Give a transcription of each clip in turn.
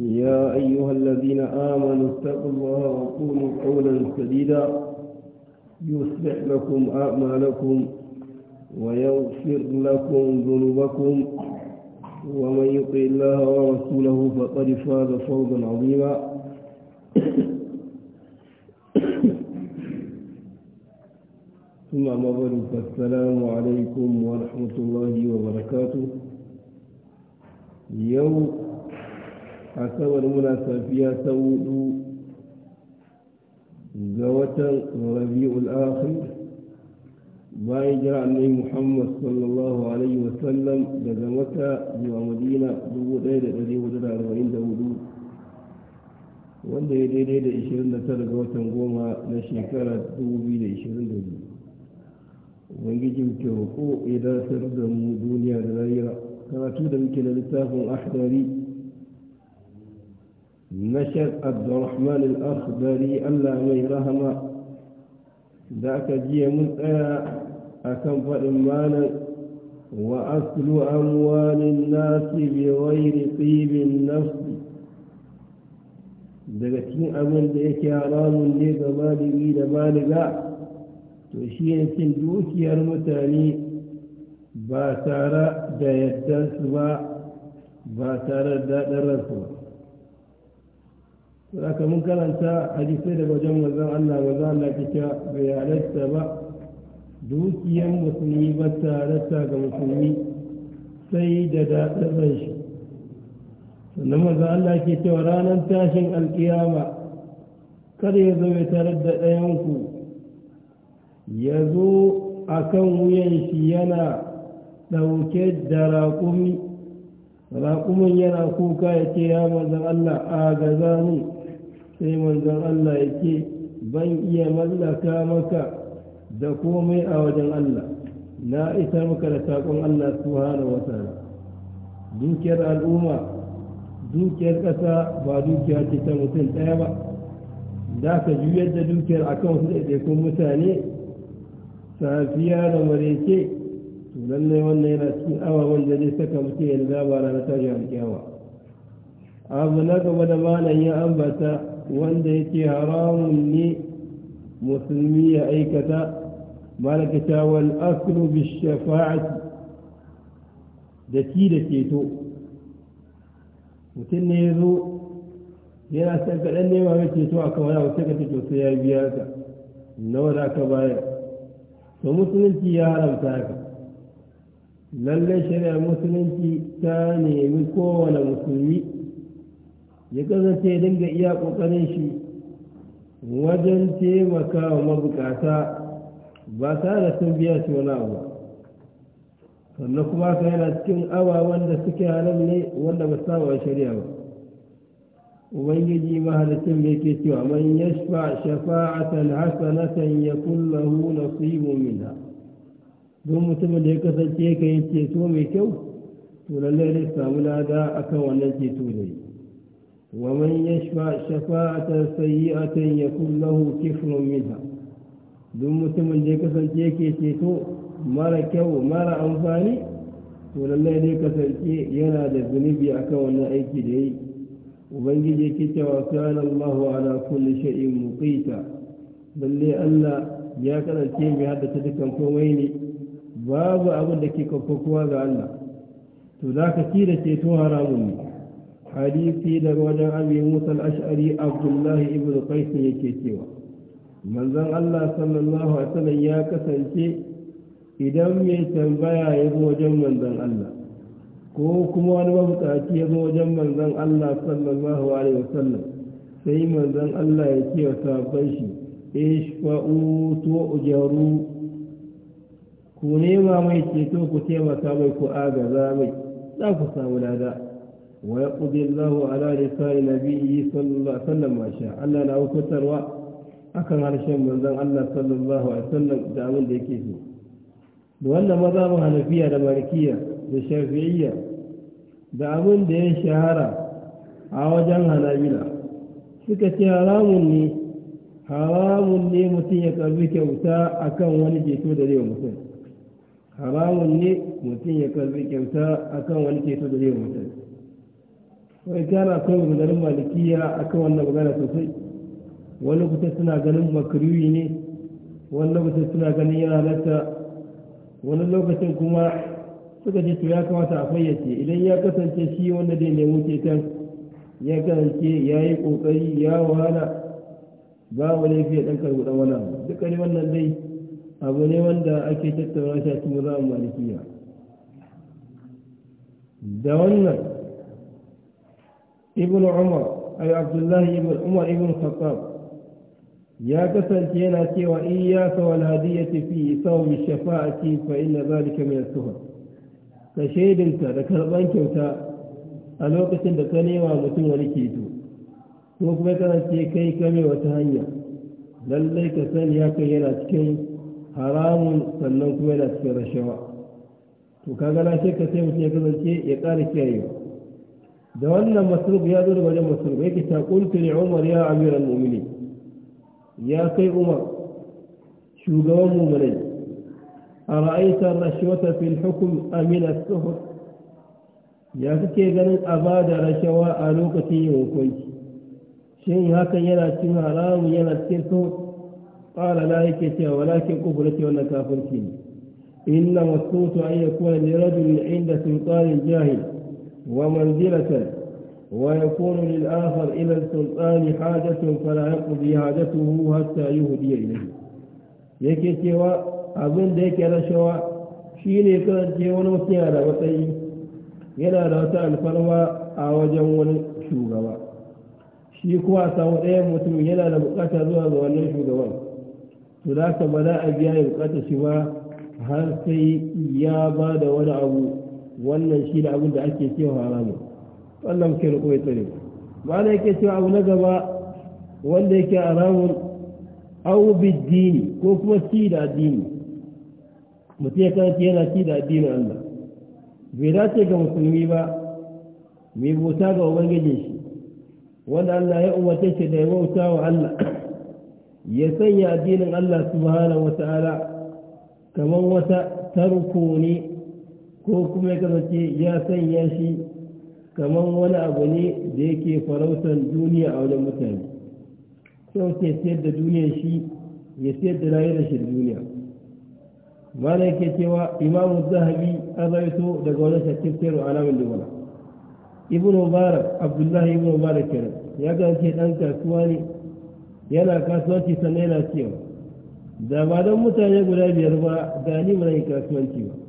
يا أيها الذين آمنوا اتقوا الله وقولوا قولا سديدا يصلح لكم أعمالكم ويغفر لكم ذنوبكم ومن يطع الله ورسوله فقد فاز فوزا عظيما ثم مضر فالسلام عليكم ورحمة الله وبركاته يوم asabar muna safiya ta hudu ga watan rabi'ul akhir bayan jira annabi muhammad sallallahu alaihi wasallam daga maka zuwa madina 1444 wanda ya daidai da 29 ga watan goma na shekara 2022 ubangijin roƙo ya dasar da mu duniya da rayuwa karatu da muke na littafin ahdari نشر عبد الرحمن الأخضري ألا ميرهما ذاك جي أيا أكم فإمانا وأصل أموال الناس بغير طيب النفس دغتين أمن ذاك يا رام اللي دمالي بي دمالي لا تشين تندوك يا رمتاني باسارة دا يتنسوا باسارة دا درسوا zaka mun karanta hadisai daga wajen manzon Allah manzon Allah ke bai halatta ba dukiyar musulmi ba ta halatta ga musulmi sai da daɗin ran shi sannan manzon Allah ke cewa ranar tashin alkiyama kada ya zo ya tare da ɗayanku ya zo a kan wuyan shi yana ɗauke da raƙumi raƙumin yana kuka ya ce ya manzan Allah a gaza ne sai manzon Allah ya ce ban iya mallaka maka da komai a wajen Allah na isa maka da saƙon Allah subhanahu wa ta'ala dukiyar al'umma dukiyar ƙasa ba dukiya ce ta mutum ɗaya ba da ka juyar da dukiyar akan wasu ɗaiɗaikun mutane safiya da mareke to lallai wannan yana cikin awawan da zai saka mutum ya riga ba ranar tashin alƙiyawa abu na gaba da malam ya ambata wanda yake haramun ne musulmi ya aikata malaka ta wal aslu bi shafa'ati da ki da ceto mutum ne ya zo yana san kaɗan nema mai ceto a kawai wata ka ceto sai ya biya ka nawa da ka bayar to musulunci ya haramta ka. lallai shari'ar musulunci ta nemi kowane musulmi ya kasance ya dinga iya kokarin shi wajen taimaka wa mabukata ba ta da sun biya shi wani ba sannan kuma ka yana cikin ababen da suke halin ne wanda ba sa wa shari'a ba ubangiji mahalicin da yake cewa man yashfa shafa'atan hasanatan yakun lahu nasibun minha don mutumin da ya kasance ka yi ceto mai kyau to lallai zai samu lada akan wannan ceto da yi ومن يشفع شفاعة سيئة يكون له كفر منها دم تمن ديك سنتيك يتيتو مارا كو مارا أنفاني ولله ديك سنتي ينا دبني بيعك وانا ايكي دي وبنجي ديك وكان الله على كل شيء مقيتا بل لي ألا ياك الانتين بهذا تدك انفويني باب أقول لك كفكوا ذا الله تو ذاك تيرا تيتو hadisi daga wajen abin musa al-ash'ari abdullahi ibnu qais yake cewa manzon Allah sallallahu alaihi wasallam ya kasance idan mai tambaya ya zo wajen manzon Allah ko kuma wani mabukaci ya zo wajen manzon Allah sallallahu alaihi wasallam sai manzon Allah ya ce wa sabon shi ishfa'u to ujaru ku nema mai ceto ku taimaka mai ku agaza mai za ku samu lada Waya الله على لسان نبيه صلى الله عليه وسلم ما شاء الله له فتر akan harshen manzon Allah sallallahu alaihi wasallam da abin da yake so da wannan maza mu hanafiya da malikiya da shafi'iyya da abin da ya shahara a wajen hanabila suka ce haramun ne haramun ne mutum ya karbi kyauta akan wani ceto da zai mutum mutum wai gana akwai maganganun malikiya akan wannan magana sosai wani lokuta suna ganin makaruyi ne wani lokacin suna ganin yana halatta wani lokacin kuma suka ce to ya kamata a fayyace idan ya kasance shi wanda zai nemi ceton ya kasance ya yi kokari ya wahala ba wa laifi ya dan karbu dan wani abu duka ne wannan dai abu ne wanda ake tattaunawa shi a cikin malikiya da wannan ibn umar ay abdullahi ibn umar ibn khattab ya kasance yana cewa iyaka wal hadiyati fi sawmi shafa'ati fa inna zalika min as-suhur ka shaidinka da karban kyauta a lokacin da ka nema mutum wani keto ko kuma kana ce kai kame wata hanya lallai ka sani ya kai yana cikin haramun sannan kuma yana cikin rashawa to kaga na ka sai mutum ya kasance ya ƙara kiyayewa da wannan masruf ya zo da wajen masruf yake ta kuntu li umar ya al mu'minin ya kai umar shugaban mu'minai ara'aita rashwata fil hukm amin as-suhur ya kake ganin abada rashawa a lokacin yin hukunci shin hakan yana cin haramun yana cin so qala la yake cewa walakin kubura ce wannan kafirci inna wasu to an yi kuwa ne inda sultanin jahil ومنزلة ويكون للآخر إلى السلطان حاجة فلا يقضي حاجته حتى يهدي إليه yake cewa abin da yake rashawa shi ne kasance wani mutum yana da matsayi yana da wata alfarma a wajen wani shugaba shi kuwa samu ɗayan mutum yana da bukata zuwa ga wannan shugaban to da ka ba za a biya ya bukata shi ba har sai ya ba da wani abu wannan shi ne abin da ake cewa haramu wannan muke da kawai tsare ma'ana yake cewa abu na gaba wanda yake haramun au biddini ko kuma ci da addini mutum ya kanta yana ci da addinin Allah bai dace ga musulmi ba mai bauta ga ubangiji shi wanda Allah ya umarce shi da ya bauta wa Allah ya sanya addinin Allah subhanahu wa ta'ala kamar wata tarko ne ko kuma ya kasance ya sanya shi kamar wani abu ne da yake farautar duniya a wajen mutane sau ke sayar da duniya shi ya sayar da rayuwar shi duniya malai ke cewa imamu zahabi an raito daga wani shakin sayarwa alamun dubana ibn mubarak abdullahi ibn mubarak kenan ya gaske dan kasuwa ne yana kasuwanci sannan yana cewa da ba don mutane guda biyar ba da ni mana kasuwanci ba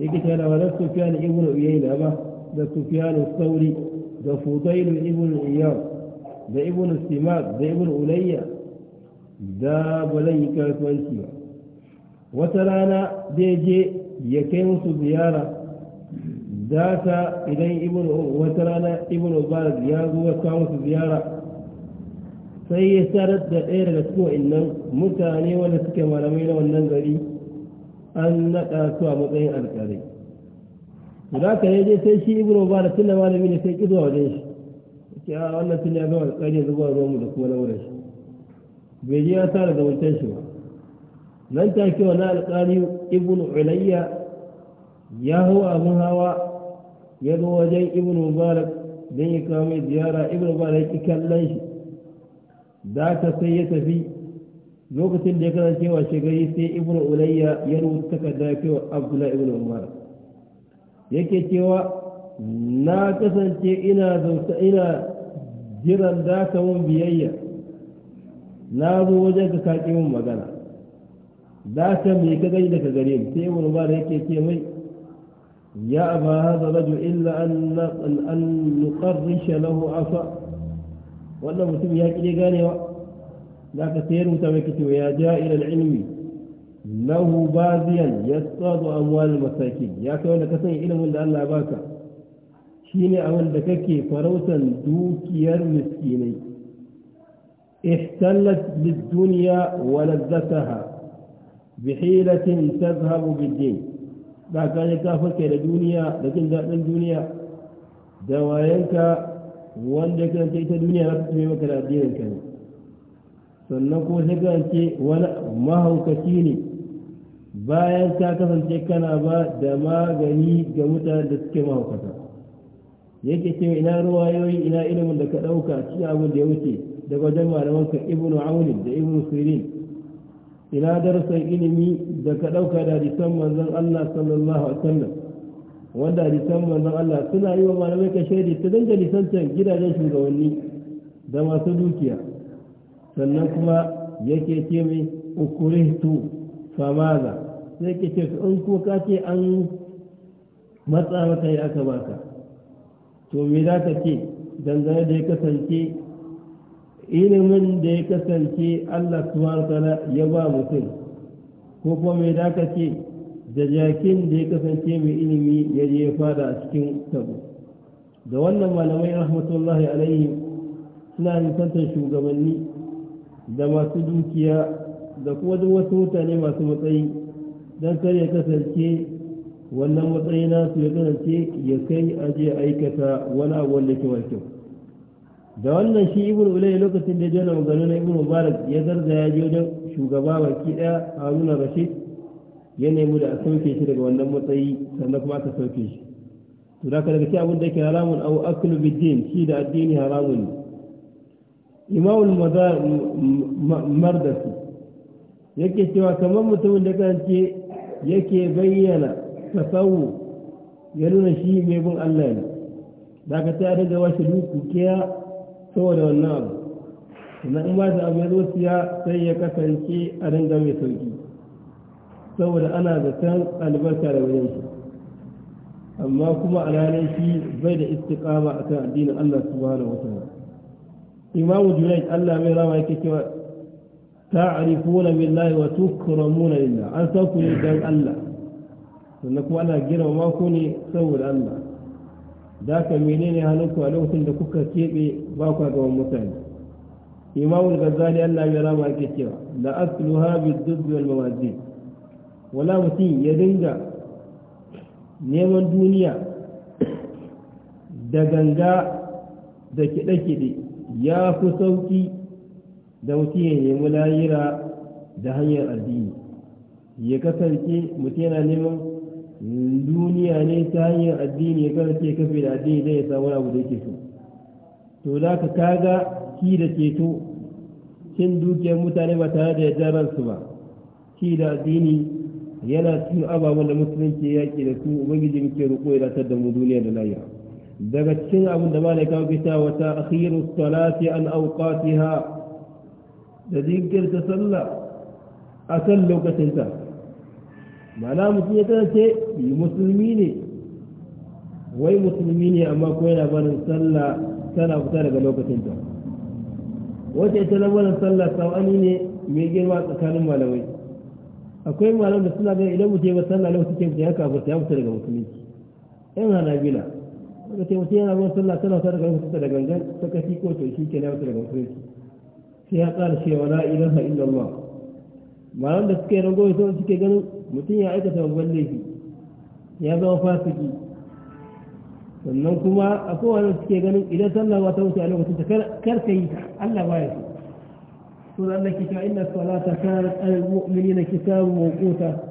yake tana wa da sufiyan ibn uyayna ba da sufiyan sauri da fudail ibn Iyar, da ibn simak da ibn ulayya da yi kasuwanci ba wata rana zai je ya kai musu ziyara za ta idan ibn wata rana ibn mubarak ya zo ya kawo musu ziyara sai ya sarar da ɗaya daga cikin innan mutane wanda suke malamai na wannan gari an naɗa su a matsayin alƙalai da ka yi je sai shi ibro ba da tunda malami ne sai kizuwa wajen shi ce a wannan tun ya zama alƙali ya zuba zuwa mu da kuma lauran shi bai ji ya tara da wancan shi ba nan ta ke wani alƙali ibn ulayya ya hau abin hawa ya zo wajen ibn mubarak don ya kawo mai ziyara ibn mubarak ya ƙi kallon shi da ka sai ya tafi lokacin da ya kana cewa shigari sai ibn ulayya ya rubuta takarda cewa abdullah ibn umar yake cewa na kasance ina zauta ina jiran daka mun biyayya na zo wajen ka kaƙi mun magana daka ka ka gani daga gare ni sai ibn umar yake ce mai ya aba hadha rajo illa an an lahu afa wannan mutum ya ƙi ganewa ذاك سير متوكتي ويا جاء إلى العلم له باذيا يصطاد أموال المساكين يا كون كسن علم أن الله باكا شيني أول دكك فروسا دوكير المسكيني احتلت بالدنيا ولذتها بحيلة تذهب بالدين ذاك يكافك لدنيا لكن ذات الدنيا دواينك وانك انت دنيا لا تسمي مكان الدين الكريم sannan kuma sai kasance wani mahaukaci ne bayan ka kasance kana ba da magani ga mutanen da suke mahaukata yake ce ina ruwayoyi ina ilimin da ka ɗauka cikin abin da ya wuce daga wajen malamanka ibnu aunin da ibnu sirin ina darasan ilimi da ka ɗauka da hadisan manzon allah sallallahu alaihi wasallam wanda hadisan manzon allah suna yi wa malamai ka shaidi ta dangane santan gidajen shugabanni da masu dukiya sannan kuma yake ce mai ukurihtu famaza sai ke ce in ko ka ce an matsa maka ya aka baka to me za ka ce dangane da ya kasance ilimin da ya kasance Allah su ta'ala ya ba mutum ko kuma me za ka ce da jakin da ya kasance mai ilimi ya je fada a cikin tabo da wannan malamai rahmatullahi alaihi suna nisantar shugabanni da masu dukiya da kuma duk wasu mutane masu matsayi don kar ya kasance wannan matsayi nasu ya kasance ya kai aje aikata wani abu wanda kewar kyau da wannan shi ibn ulai lokacin da jana maganin na ibn mubarak ya zarga ya je wajen shugaba baki daya haruna rashid ya nemi da a sauke shi daga wannan matsayi sannan kuma aka sauke shi to da ka daga shi abin da ke haramun au aklu bid shi da addini haramun ne imamul mardasi yake cewa kamar mutumin da kance yake bayyana tasawu ya nuna shi mai bin Allah ne da ka ta daga washe kiya saboda wannan abu sannan in ba da abu ya sai ya kasance a dinga mai sauki saboda ana da zaton albarka da wajen shi amma kuma a ranar shi bai da istiƙama akan addinin Allah subhanahu wa ta'ala imamu junaid allah mai rama yake cewa ta'rifuna billahi wa tukramuna lillah an san ku ne dan allah sannan kuma ana girmama ku ne saboda allah da ka menene hannunku a lokacin da kuka keɓe ba ku ga mutane imamu gazali allah mai rama yake cewa la asluha bid-dubb wal mawazin wala mutum ya dinga neman duniya da ganga da kiɗe-kiɗe ya fi sauki da mutum ya nemi layira da hanyar addini ya kasance mutum yana neman duniya ne ta hanyar addini ya kasance kafe da addini zai ya samu abu da yake so to za ka kaga ki da ceto cin dukiyar mutane ba tare da yadda ransu ba ki da addini yana cikin ababen da musulunci ya ke da su ubangiji muke roƙo ya da mu duniya da layira daga cikin abin da malai kawo kita wata akhiru salati an awqatiha da a sallah lokacin lokacinta mana mutum ya kasance musulmi ne wai musulmi ne amma ko yana barin sallah tana fita daga lokacinta wata ita lamarin sallah sawani ne mai girma tsakanin malamai akwai malam da suna ga idan mutum ya sallah lokacin ya ta ya fita daga musulunci hana bila ta yi mutum yana ruwan sallah tana ta daga mutunta da gangan sakaci ko to shi ke na mutu daga mutunci sai ya tsara cewa la ilaha illallah malam da suke rago sun suke ganin mutum ya aikata babban laifi ya zama fasiki sannan kuma a kowane suke ganin idan sallah ba ta wuce a lokacin ta kar ka yi Allah ba ya so sun Allah kita inna salata kanat alal mu'minina kitabu mawquta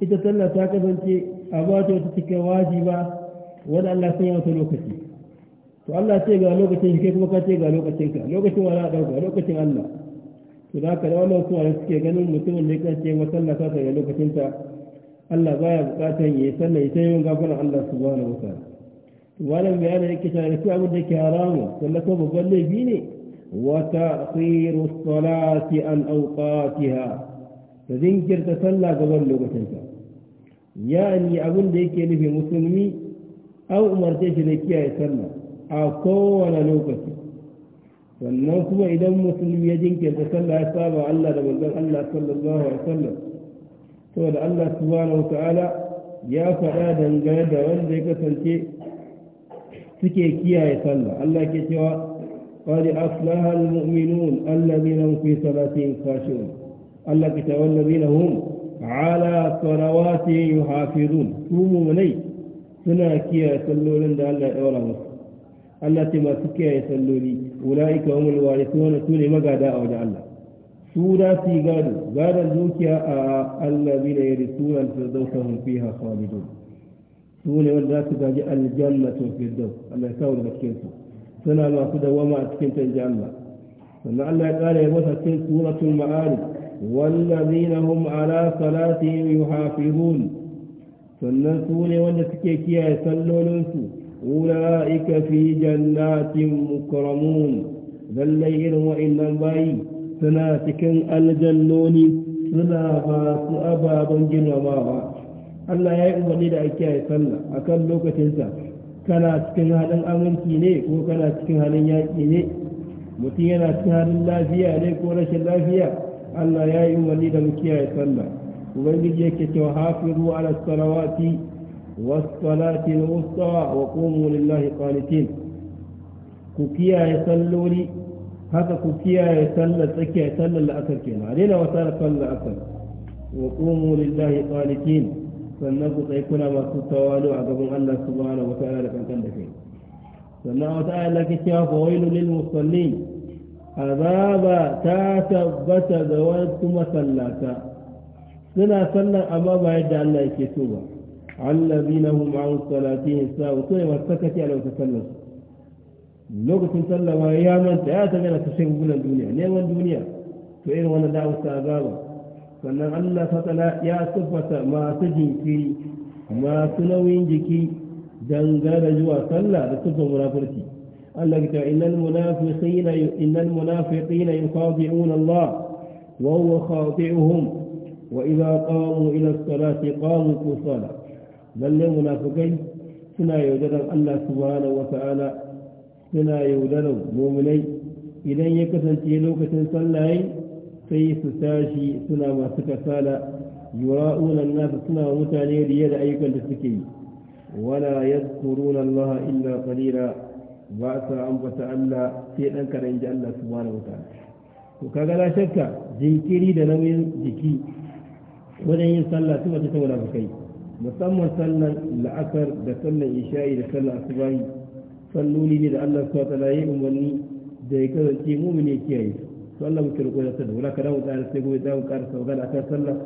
ita sallah ta kasance a ba ta wata cikin wajiba Wani Allah sun ya lokaci to Allah ce ga lokacin kai kuma ka ce ga lokacin ka lokacin wa za dauka lokacin Allah to da haka da wannan kuma suke ganin mutumin da ya ce wata Allah ka ga lokacin ta Allah baya bukatar ya sannan ya tayi gafara Allah su ba na ta'ala Wani bayanin yake cewa da abin da ke haramu sannan ko babban laifi ne wata tsiru salati an awqatiha da jinkirta sallah gaban lokacinta yani abin da yake nufin musulmi an umarce shi ne kiyaye sallah a kowane lokaci sannan kuma idan musulmi ya jinkirta sallah ya saba Allah da manzon Allah sallallahu alaihi wasallam saboda Allah subhanahu ta'ala ya faɗa dangane da wanda ya kasance suke kiyaye sallah Allah ke cewa qali aslaha almu'minun alladhina fi salatihim khashi'un Allah ke cewa alladhina hum ala salawatihim yuhafizun su mu'minai suna kiyaye sallolin da Allah ya daura musu Allah ce masu kiyaye salloli ula'ika wa mulwari su wani su ne magada a wajen Allah su da su yi gado gadon dukiya a Allah bi da ya risu al firdausa hun fi ha khalidun su ne wanda za su gaji fi dau, Allah ya kawo daga cikin su suna masu dawama a cikin canji Allah sannan Allah ya kara ya masa cikin suratul ma'arif wallazina hum ala salatihim yuhafizun sannan su ne wanda suke kiyaye sallolinsu ula'ika fi jannatin mukramun lallai irin wa'annan bayi suna cikin aljannoni suna ba su ababen girmamawa Allah ya yi umarni da ake kiyaye sallah a kan lokacinsa kana cikin halin aminci ne ko kana cikin halin yaƙi ne mutum yana cikin halin lafiya ne ko rashin lafiya Allah ya yi umarni da mu kiyaye sallah ubangiji yake cewa hafizu ala salawati was salati al-wusta wa qumu lillahi qanitin ku kiyaye salloli haka ku kiyaye sallar tsakiya sallar la'asar kenan adina wa sallar la'asar wa qumu lillahi qanitin sannan ku tsaye kuna masu tawalu a gaban Allah subhanahu wa ta'ala da kankan da kai sannan wata ayar da ke cewa fa wailu lil musallin azaba ta tabbata ga wasu masallata suna sallan amma ba yadda Allah yake so ba allazina hum an salatihim sa'u sai wa sakati ala sallan lokacin sallama ya manta ya ta gana kashe gugunan duniya neman duniya to irin wannan da ta gaba sannan Allah ta tala ya siffata masu jinkiri masu nauyin jiki dangane zuwa sallah da su munafurci Allah ya ce innal munafiqina innal munafiqina yuqadi'una Allah wa huwa khati'uhum وإذا قاموا إلى الصلاة قاموا كسالى بل منافقين سنا يودنوا الله سبحانه وتعالى سنا يودنوا مؤمنين إذن يكسن تيلوك تنسلعين سيس ساشي سنا ما سكسالى يراؤون الناس سنا ومتاني ليد أيك لسكي ولا يذكرون الله إلا قليلا بأس أن فتألى سيئا كرنج الله سبحانه وتعالى وكذا لا شك ذكري دنوين ذكي wajen yin sallah su mace ta munafukai musamman sallan la'asar da sallan isha'i da sallan asubahi salloli ne da Allah su ta laye umarni da ya kasance mumini ya kiyaye su Allah mu roƙo da sallah wala kada mu tsara sai gobe za mu ƙara saugana akan sallah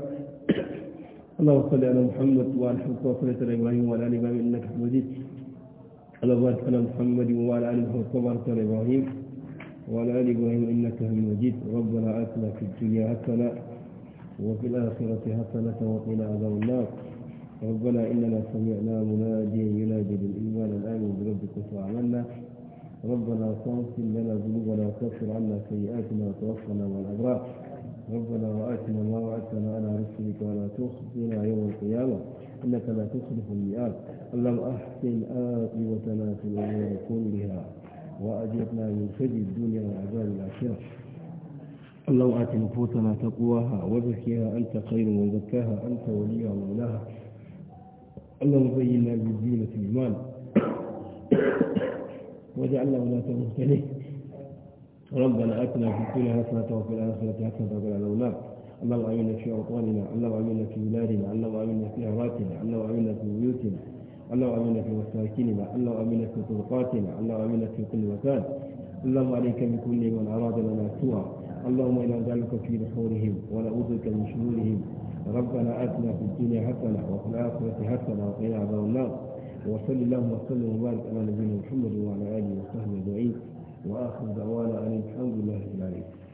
اللهم صل على محمد وعلى محمد وصلى على ابراهيم Ibrahim ال ابراهيم انك حميد مجيد اللهم بارك على محمد وعلى ال wa وبارك ala Ibrahim وعلى ال ابراهيم انك حميد مجيد ربنا اتنا في الدنيا حسنه وفي الآخرة حسنة وقنا عذاب النار ربنا إننا سمعنا مناديا ينادي بالإيمان الآمن بربكم فعملنا ربنا فاغفر لنا ذنوبنا وكفر عنا سيئاتنا وتوفنا مع الأبرار ربنا وآتنا ما وعدتنا على رسلك ولا تخزنا يوم القيامة إنك لا تخلف الميعاد اللهم أحسن عاقبتنا في الأمور كلها وأجرنا من خزي الدنيا وعذاب الآخرة اللهم آت نفوسنا تقواها وزكها أنت خير من زكاها أنت وليها مولاها اللهم زينا بالزينة الإيمان واجعلنا ولاة المهتدين ربنا آتنا في الدنيا حسنة وفي الآخرة حسنة وقنا عذاب النار اللهم آمنا في أوطاننا اللهم آمنا في بلادنا اللهم آمنا في أهواتنا اللهم آمنا في بيوتنا اللهم آمنا في مساكننا اللهم آمنا في طرقاتنا اللهم آمنا في كل مكان اللهم عليك بكل من أراد لنا سوءا اللهم إنا نجعلك في نحورهم ونعوذ بك من شرورهم ربنا آتنا في الدنيا حسنة وفي الآخرة حسنة وقنا عذاب النار وصل اللهم وسلم وبارك على نبينا محمد وعلى آله وصحبه أجمعين وآخر دعوانا أن الحمد لله رب العالمين